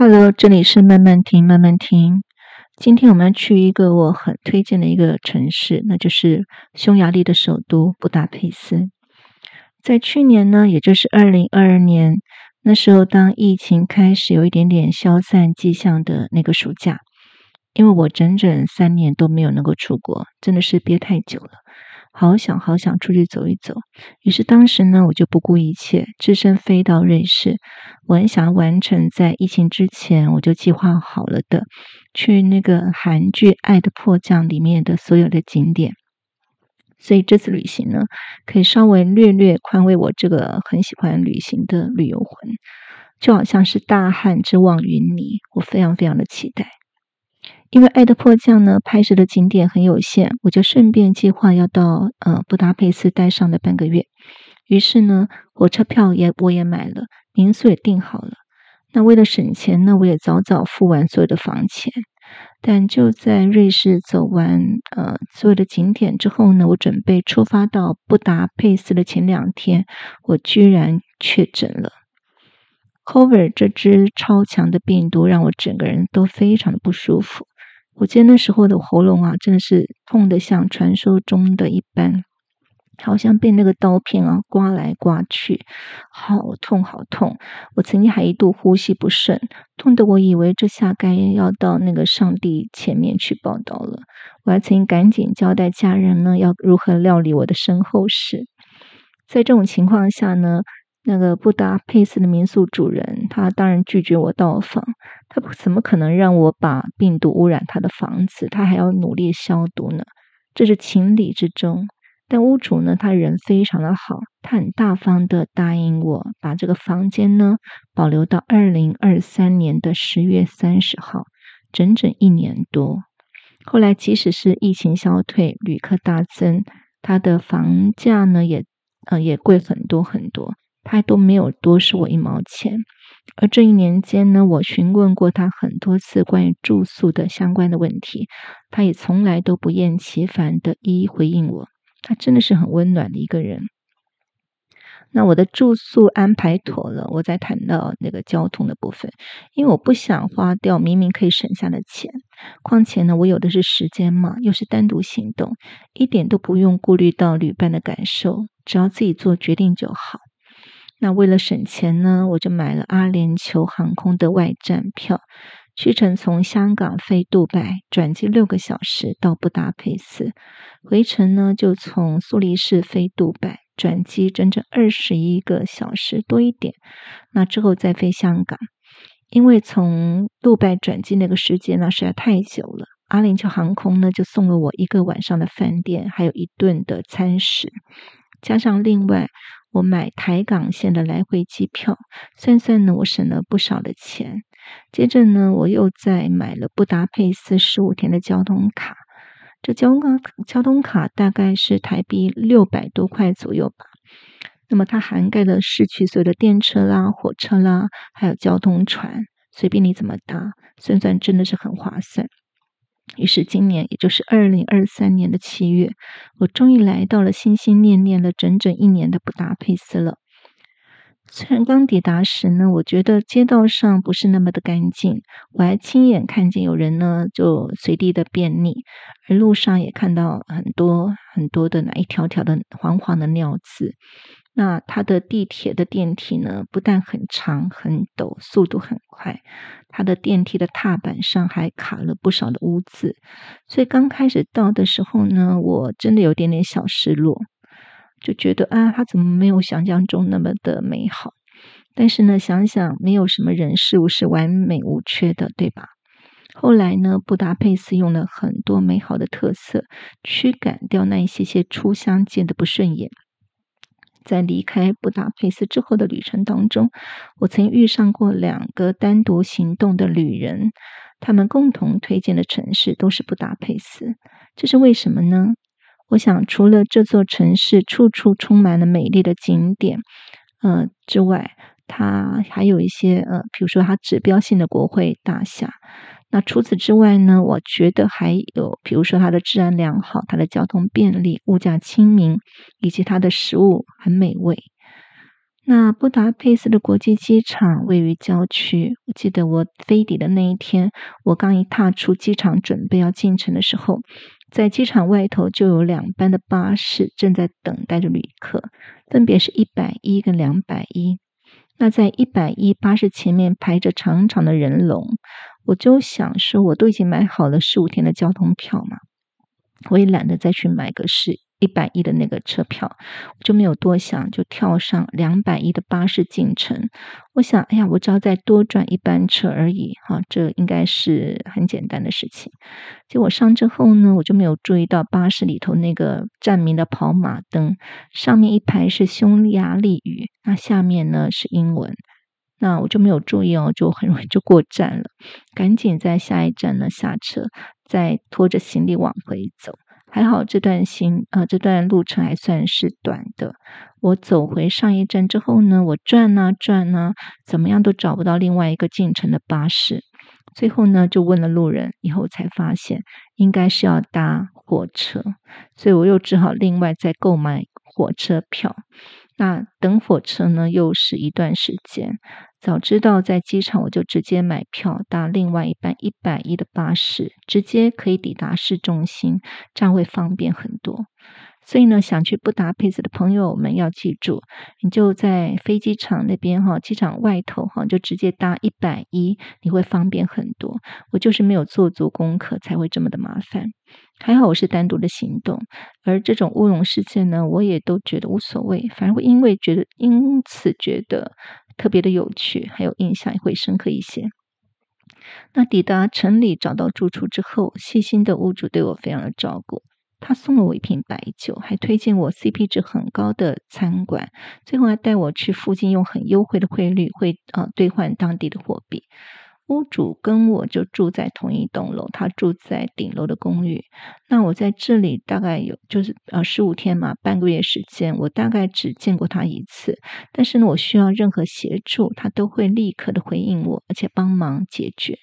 Hello，這裡是慢慢聽，慢慢聽。今天我們要去一個我很推薦的一個城市，那就是匈牙利的首都布達佩斯。在去年呢，也就是二零二二年，那時候當疫情開始有一點點消散跡象的那個暑假，因為我整整三年都沒有能夠出國，真的是憋太久了。好想好想出去走一走。於是當時呢，我就不顧一切，只身飛到瑞士。我很想要完成在疫情之前我就計劃好了的，去那個韓劇《愛的迫降》裡面的所有的景點。所以這次旅行呢，可以稍微略略寬慰我這個很喜歡旅行的旅遊魂，就好像是大旱之望雲霓，我非常非常的期待。因為愛的迫降呢，拍攝的景點很有限，我就順便計劃要到呃布達佩斯待上的半個月。於是呢，火車票也我也買了，民宿也訂好了。那為了省錢呢，我也早早付完所有的房錢。但就在瑞士走完呃所有的景點之後呢，我準備出發到布達佩斯的前兩天，我居然確診了。COVID 這支超強的病毒讓我整個人都非常的不舒服。我記得那時候的喉嚨啊，真的是痛得像傳說中的一般，好像被那個刀片啊刮來刮去，好痛好痛！我曾經還一度呼吸不順，痛得我以為這下該要到那個上帝前面去報到了。我還曾經趕緊交代家人呢，要如何料理我的身後事。在這種情況下呢，那個布達佩斯的民宿主人，他當然拒絕我到訪。他不怎麼可能讓我把病毒汙染他的房子？他還要努力消毒呢，這是情理之中。但屋主呢，他人非常的好，他很大方的答應我把這個房間呢保留到二零二三年的十月三十號，整整一年多。後來，即使是疫情消退，旅客大增，他的房價呢也呃也貴很多很多。他都沒有多收我一毛錢，而這一年間呢，我詢問過他很多次關於住宿的相關的問題，他也從來都不厭其煩的一一回應我。他真的是很溫暖的一個人。那我的住宿安排妥了，我再談到那個交通的部分，因為我不想花掉明明可以省下的錢，況且呢，我有的是時間嘛，又是單獨行動，一點都不用顧慮到旅伴的感受，只要自己做決定就好。那為了省錢呢，我就買了阿聯酋航空的外站票，去程從香港飛杜拜，轉機六個小時到布達佩斯；回程呢，就從蘇黎世飛杜拜，轉機整整二十一個小時多一點。那之後再飛香港，因為從杜拜轉機那個時間呢，實在太久了，阿聯酋航空呢就送了我一個晚上的飯店，還有一頓的餐食，加上另外。我買台港線的來回機票，算算呢，我省了不少的錢。接着呢，我又再買了布達佩斯十五天的交通卡，這交通卡，交通卡大概是台幣六百多塊左右吧。那麼它涵蓋了市區所有的電車啦、火車啦，還有交通船，隨便你怎麼搭，算算真的是很划算。於是今年，也就是二零二三年的七月，我終於來到了心心念念了整整一年的布達佩斯了。雖然剛抵達時呢，我覺得街道上不是那麼的乾淨，我還親眼看見有人呢就隨地的便溺，而路上也看到很多很多的那一條條的黃黃的尿漬。那它的地鐵的電梯呢，不但很長、很陡，速度很快，它的電梯的踏板上還卡了不少的污漬，所以剛開始到的時候呢，我真的有點點小失落，就覺得啊，它怎麼沒有想象中那麼的美好？但是呢，想想沒有什麼人事物是完美無缺的，對吧？後來呢，布達佩斯用了很多美好的特色，驅趕掉那一些些初相見的不順眼。在離開布達佩斯之後的旅程當中，我曾遇上過兩個單獨行動的旅人，他們共同推薦的城市都是布達佩斯。這是為什麼呢？我想，除了這座城市處處充滿了美麗的景點，呃之外，它還有一些呃，比如說它指標性的國會大廈。那除此之外呢，我覺得還有，比如說它的治安良好，它的交通便利，物價親民，以及它的食物很美味。那布達佩斯的國際機場位於郊區。我記得我飛抵的那一天，我剛一踏出機場準備要進城的時候，在機場外頭就有兩班的巴士正在等待着旅客，分別是一百一跟兩百一。那在一百一巴士前面排着長長的人龍。我就想說，我都已經買好了十五天的交通票嘛，我也懶得再去買個是一百億的那個車票，我就沒有多想，就跳上兩百億的巴士進城。我想，哎呀，我只要再多轉一班車而已，哈、啊，這應該是很簡單的事情。結果上車之後呢，我就沒有注意到巴士裡頭那個站名的跑馬燈，上面一排是匈牙利語，那下面呢是英文。那我就沒有注意哦，就很容易就過站了，趕緊在下一站呢下車，再拖着行李往回走。還好這段行啊、呃，這段路程還算是短的。我走回上一站之後呢，我轉啊轉啊，怎麼樣都找不到另外一個進城的巴士。最後呢，就問了路人，以後才發現應該是要搭火車，所以我又只好另外再購買火車票。那等火車呢，又是一段時間。早知道在機場，我就直接買票搭另外一班一百一的巴士，直接可以抵達市中心，這樣會方便很多。所以呢，想去布達佩斯的朋友們，我們要記住，你就在飛機場那邊哈，機場外頭哈，就直接搭一百一，你會方便很多。我就是沒有做足功課，才會這麼的麻煩。還好我是單獨的行動，而這種烏龍事件呢，我也都覺得無所謂，反而會因為覺得因此覺得。特別的有趣，還有印象也會深刻一些。那抵達城裡找到住處之後，細心的屋主對我非常的照顧，他送了我一瓶白酒，還推薦我 CP 值很高的餐館，最後還帶我去附近用很優惠的匯率會啊、呃、兌換當地的貨幣。屋主跟我就住在同一棟樓，他住在頂樓的公寓。那我在這裡大概有就是呃十五天嘛，半個月時間，我大概只見過他一次。但是呢，我需要任何協助，他都會立刻的回應我，而且幫忙解決。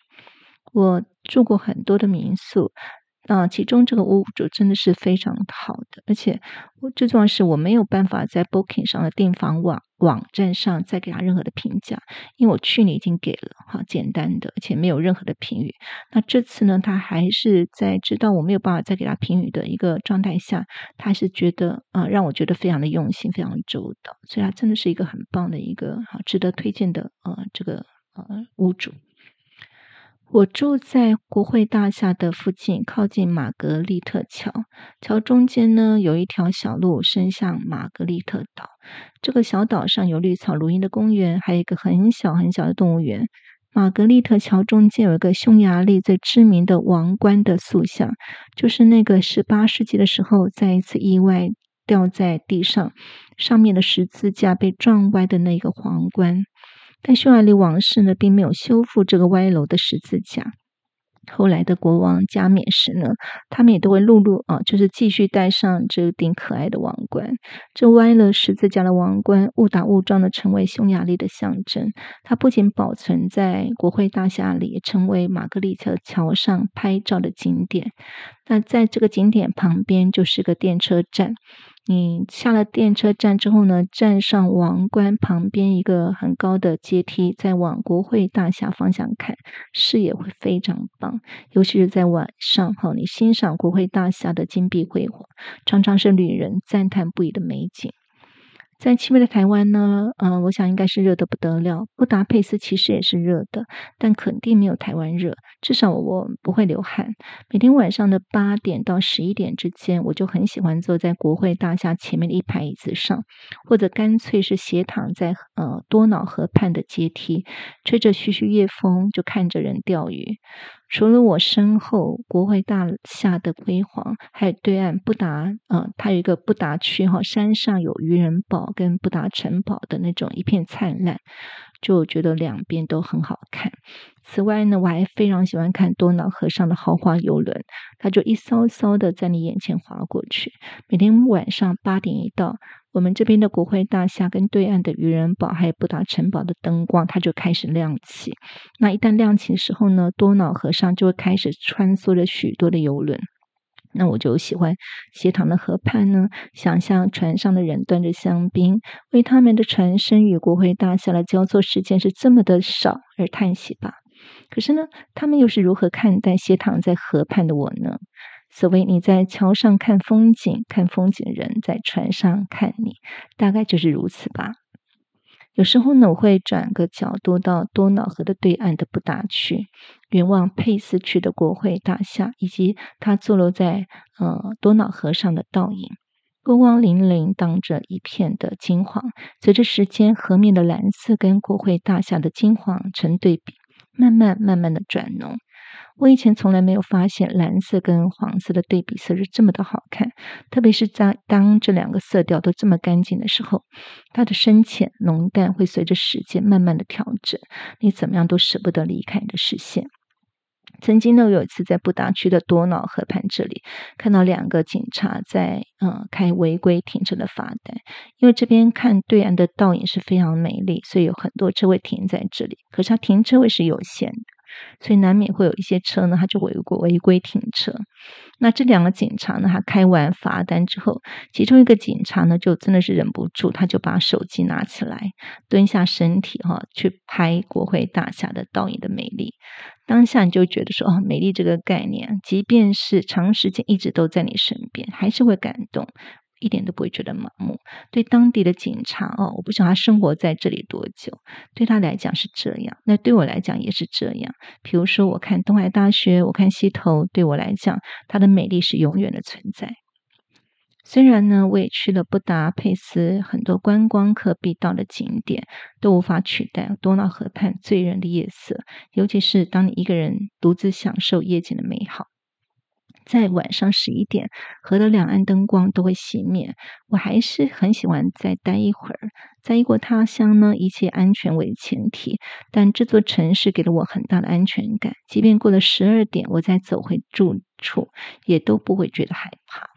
我住過很多的民宿。啊、呃，其中這個屋主真的是非常好的，而且我最重要是我沒有辦法在 Booking 上的訂房網網站上再給他任何的評價，因為我去年已經給了哈簡單的，而且沒有任何的評語。那這次呢，他還是在知道我沒有辦法再給他評語的一個狀態下，他是覺得啊、呃，讓我覺得非常的用心，非常周到，所以他真的是一個很棒的一個好值得推薦的，呃，這個，呃，屋主。我住在國會大廈的附近，靠近瑪格麗特橋。橋中間呢，有一條小路伸向瑪格麗特島。這個小島上有綠草如茵的公園，還有一個很小很小的動物園。瑪格麗特橋中間有一個匈牙利最知名的王冠的塑像，就是那個十八世紀的時候，在一次意外掉在地上，上面的十字架被撞歪的那個皇冠。但匈牙利王室呢，並沒有修復這個歪樓的十字架。後來的國王加冕時呢，他們也都會陸陸啊，就是繼續戴上這頂可愛的王冠。這歪了十字架的王冠，誤打誤撞地成為匈牙利的象徵。它不僅保存在國會大廈裡，成為瑪格麗特橋上拍照的景點。那在這個景點旁邊，就是個電車站。你下了電車站之後呢，站上王冠旁邊一個很高的階梯，再往國會大廈方向看，視野會非常棒，尤其是在晚上哈、哦，你欣賞國會大廈的金碧輝煌，常常是旅人讚嘆不已的美景。在七月的台灣呢，呃，我想應該是熱得不得了。布達佩斯其實也是熱的，但肯定沒有台灣熱。至少我不會流汗。每天晚上的八點到十一點之間，我就很喜歡坐在國會大廈前面的一排椅子上，或者乾脆是斜躺在呃多瑙河畔的階梯，吹着徐徐夜風，就看着人釣魚。除了我身後國會大廈的輝煌，還有對岸布達，嗯、呃，它有一個布達區哈、哦，山上有漁人堡跟布達城堡的那種一片燦爛，就我覺得兩邊都很好看。此外呢，我還非常喜歡看多瑙河上的豪華遊輪，它就一艘艘的在你眼前劃過去，每天晚上八點一到，我們這邊的國會大廈跟對岸的漁人堡還有布達城堡的燈光，它就開始亮起。那一旦亮起的時候呢，多瑙河上就會開始穿梭着許多的遊輪。那我就喜歡斜躺的河畔呢，想象船上的人端着香檳，為他們的船身與國會大廈的交錯時間是這麼的少而嘆息吧。可是呢，他們又是如何看待斜躺在河畔的我呢？所謂你在橋上看風景，看風景的人在船上看你，大概就是如此吧。有時候呢，我會轉個角度到多瑙河的對岸的布達區，遠望佩斯區的國會大廈，以及它坐落在呃多瑙河上的倒影，波光粼粼，蕩着一片的金黃。隨着時間，河面的藍色跟國會大廈的金黃成對比，慢慢慢慢的轉濃。我以前從來沒有發現藍色跟黃色的對比色是這麼的好看，特別是在當這兩個色調都這麼乾淨的時候，它的深淺濃淡會隨着時間慢慢的調整，你怎麼樣都捨不得離開你的視線。曾經呢，我有一次在布達區的多瑙河畔這裡，看到兩個警察在嗯、呃、開違規停車的罰單，因為這邊看對岸的倒影是非常美麗，所以有很多車位停在這裡，可是它停車位是有限的。所以難免會有一些車呢，他就違規違規停車。那這兩個警察呢，他開完罰單之後，其中一個警察呢，就真的是忍不住，他就把手機拿起來，蹲下身體哈、哦，去拍國會大廈的倒影的美麗。當下你就覺得說，哦、啊，美麗這個概念，即便是長時間一直都在你身邊，還是會感動。一點都不會覺得麻木。對當地的警察哦，我不曉得他生活在這裡多久，對他來講是這樣，那對我來講也是這樣。比如說，我看東海大學，我看西屯，對我來講，它的美麗是永遠的存在。雖然呢，我也去了布達佩斯，很多觀光客必到的景點都無法取代多瑙河畔醉人的夜色，尤其是當你一個人獨自享受夜景的美好。在晚上十一點，河的兩岸燈光都會熄滅。我還是很喜歡再待一會兒。在異國他鄉呢，一切安全為前提，但這座城市給了我很大的安全感。即便過了十二點，我再走回住處，也都不會覺得害怕。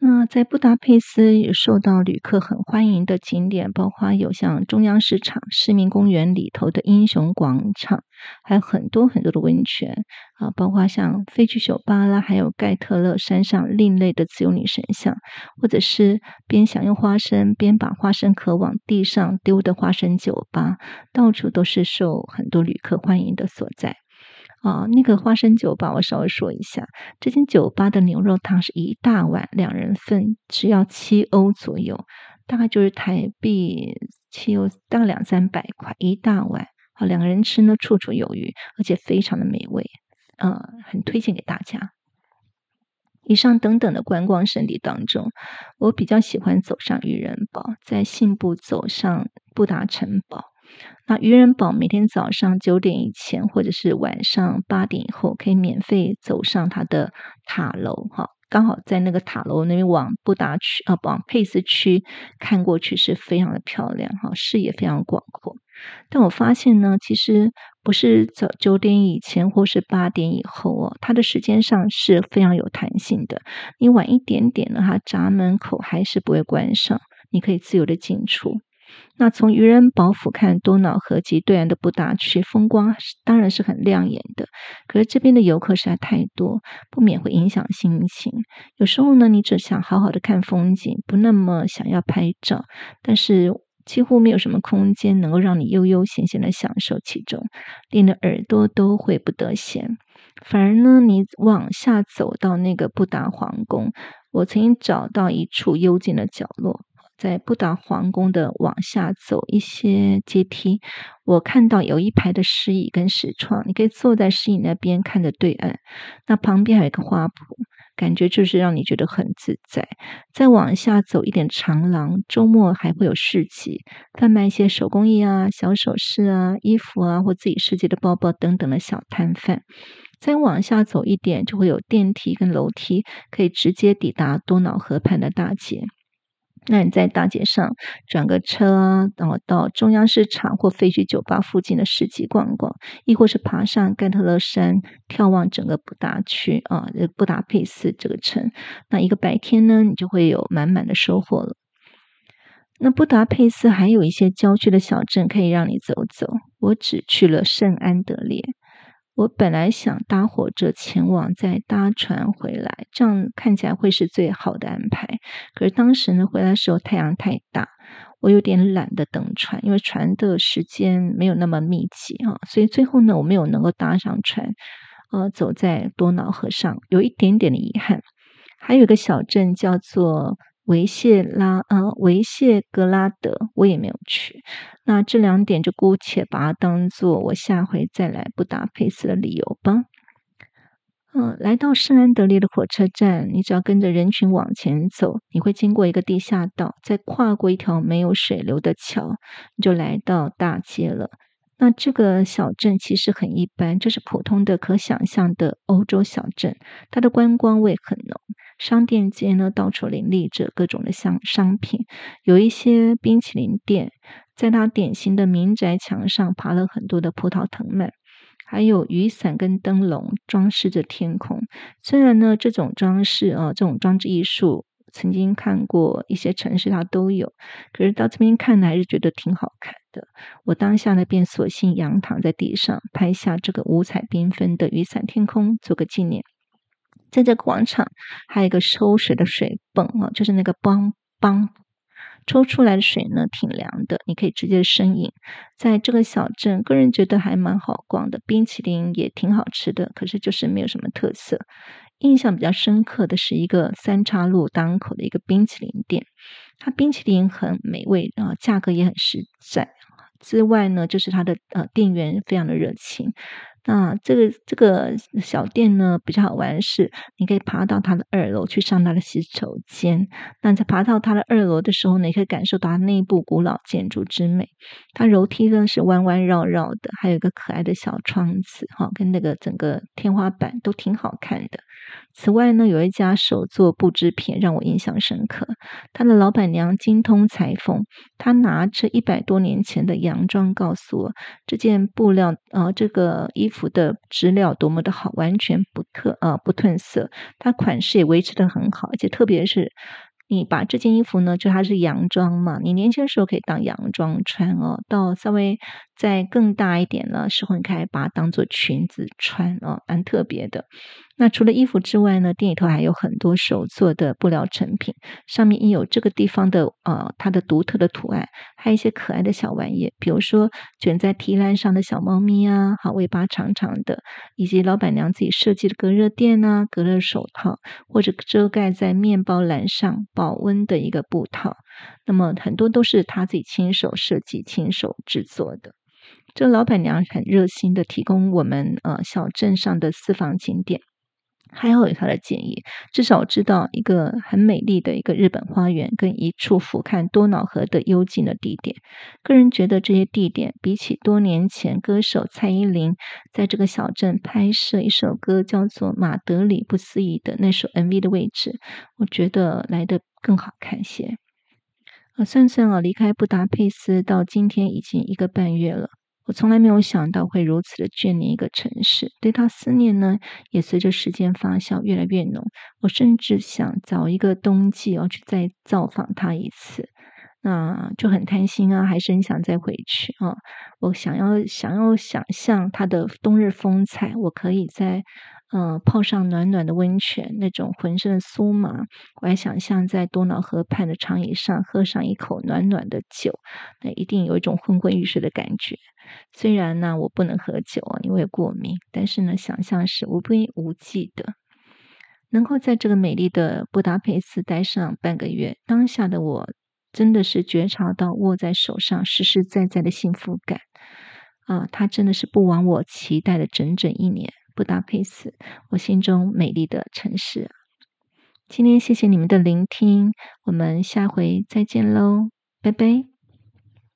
那在布達佩斯也受到旅客很歡迎的景點，包括有像中央市場、市民公園裡頭的英雄廣場，還有很多很多的溫泉啊，包括像廢墟酒吧啦，還有蓋特勒山上另類的自由女神像，或者是邊享用花生邊把花生殼往地上丟的花生酒吧，到處都是受很多旅客歡迎的所在。啊、哦，那個花生酒吧我稍微說一下，這間酒吧的牛肉湯是一大碗兩人份，只要七歐左右，大概就是台幣七歐，大概兩三百塊一大碗。啊、哦，兩個人吃呢，綽綽有餘，而且非常的美味，嗯、呃，很推薦給大家。以上等等的觀光勝地當中，我比較喜歡走上漁人堡，再信步走上布達城堡。那漁人堡每天早上九點以前，或者是晚上八點以後，可以免費走上它的塔樓哈、哦。剛好在那個塔樓那邊往布達區啊，往佩斯區看過去是非常的漂亮哈、哦，視野非常廣闊。但我發現呢，其實不是早九點以前，或是八點以後哦，它的時間上是非常有彈性的。你晚一點點呢，它閘門口還是不會關上，你可以自由的進出。那從漁人堡俯瞰多瑙河及對岸的布達區風光，當然是很亮眼的。可是這邊的遊客實在太多，不免會影響心情。有時候呢，你只想好好的看風景，不那麼想要拍照，但是幾乎沒有什麼空間能夠讓你悠悠閒閒的享受其中，連的耳朵都會不得閒。反而呢，你往下走到那個布達皇宮，我曾經找到一處幽靜的角落。在布達皇宮的往下走一些階梯，我看到有一排的石椅跟石窗，你可以坐在石椅那邊看着對岸。那旁邊還有一個花圃，感覺就是讓你覺得很自在。再往下走一點長廊，周末還會有市集，販賣一些手工藝啊、小首飾啊、衣服啊，或自己設計的包包等等的小攤販。再往下走一點，就會有電梯跟樓梯，可以直接抵達多瑙河畔的大街。那你在大街上轉個車、啊，然後到中央市場或廢墟酒吧附近的市集逛逛，亦或是爬上蓋特勒山眺望整個布達區啊，就是、布達佩斯這個城。那一個白天呢，你就會有滿滿的收穫了。那布達佩斯還有一些郊區的小鎮可以讓你走走，我只去了聖安德烈。我本來想搭火車前往，再搭船回來，這樣看起來會是最好的安排。可是當時呢，回來的時候太陽太大，我有點懶得等船，因為船的時間沒有那麼密集啊，所以最後呢，我沒有能夠搭上船。呃，走在多瑙河上，有一點點的遺憾。還有一個小鎮叫做。維謝拉啊，維謝格拉德，我也沒有去。那這兩點就姑且把它當做我下回再來布達佩斯的理由吧。嗯、呃，來到聖安德烈的火車站，你只要跟着人群往前走，你會經過一個地下道，再跨過一條沒有水流的橋，你就來到大街了。那這個小鎮其實很一般，這是普通的、可想象的歐洲小鎮，它的觀光味很濃。商店街呢，到處林立着各種的像商品，有一些冰淇淋店，在它典型的民宅牆上爬了很多的葡萄藤蔓，還有雨傘跟燈籠裝飾着天空。雖然呢，這種裝飾啊，這種裝置藝術，曾經看過一些城市它都有，可是到這邊看來是覺得挺好看的。我當下呢，便索性仰躺在地上，拍下這個五彩繽紛的雨傘天空，做個紀念。在這個廣場還有一個抽水的水泵啊，就是那個泵泵，抽出來的水呢，挺涼的，你可以直接生飲。在這個小鎮，個人覺得還蠻好逛的，冰淇淋也挺好吃的，可是就是沒有什麼特色。印象比較深刻的是一個三岔路檔口的一個冰淇淋店，它冰淇淋很美味啊，然後價格也很實在。之外呢，就是它的呃店員非常的熱情。那、啊、這個這個小店呢，比較好玩是，你可以爬到它的二樓去上它的洗手間。那在爬到它的二樓的時候呢，你可以感受到他內部古老建築之美。它樓梯呢是彎彎繞繞的，還有一個可愛的小窗子，哈、哦，跟那個整個天花板都挺好看的。此外呢，有一家手作布織品讓我印象深刻。他的老闆娘精通裁縫，她拿着一百多年前的洋裝告訴我，這件布料啊、呃，這個衣服的質料多麼的好，完全不褪啊、呃，不褪色。它款式也維持得很好，而且特別是你把這件衣服呢，就它是洋裝嘛，你年輕時候可以當洋裝穿哦，到稍微。再更大一點呢，是混開把它當做裙子穿哦，蠻特別的。那除了衣服之外呢，店裡頭還有很多手做的布料成品，上面印有這個地方的啊、呃，它的獨特的圖案，還有一些可愛的小玩意，比如說捲在提籃上的小貓咪啊，好，尾巴長長的，以及老闆娘自己設計的隔熱墊啊、隔熱手套，或者遮蓋在麵包籃上保溫的一個布套。那麼很多都是她自己親手設計、親手製作的。這老闆娘很熱心的提供我們，呃，小鎮上的私房景點，還好有她的建議，至少我知道一個很美麗的一個日本花園，跟一處俯瞰多瑙河的幽靜的地點。個人覺得這些地點比起多年前歌手蔡依林在這個小鎮拍攝一首歌叫做《馬德里不思議》的那首 MV 的位置，我覺得來得更好看些。呃，算算啊，離開布達佩斯到今天已經一個半月了。我從來沒有想到會如此的眷戀一個城市，對他思念呢，也隨着時間發酵，越來越濃。我甚至想找一個冬季哦，去再造訪他一次。那就很貪心啊，還是很想再回去啊、哦！我想要想要想象它的冬日風采，我可以在嗯、呃、泡上暖暖的溫泉，那種渾身的酥麻；我還想象在多瑙河畔的長椅上喝上一口暖暖的酒，那一定有一種昏昏欲睡的感覺。雖然呢，我不能喝酒，因為過敏，但是呢，想象是無邊無際的。能夠在這個美麗的布達佩斯待上半個月，當下的我。真的是覺察到握在手上實實在在的幸福感啊！它真的是不枉我期待了整整一年，布達佩斯，我心中美麗的城市。今天謝謝你們的聆聽，我們下回再見嘍，拜拜。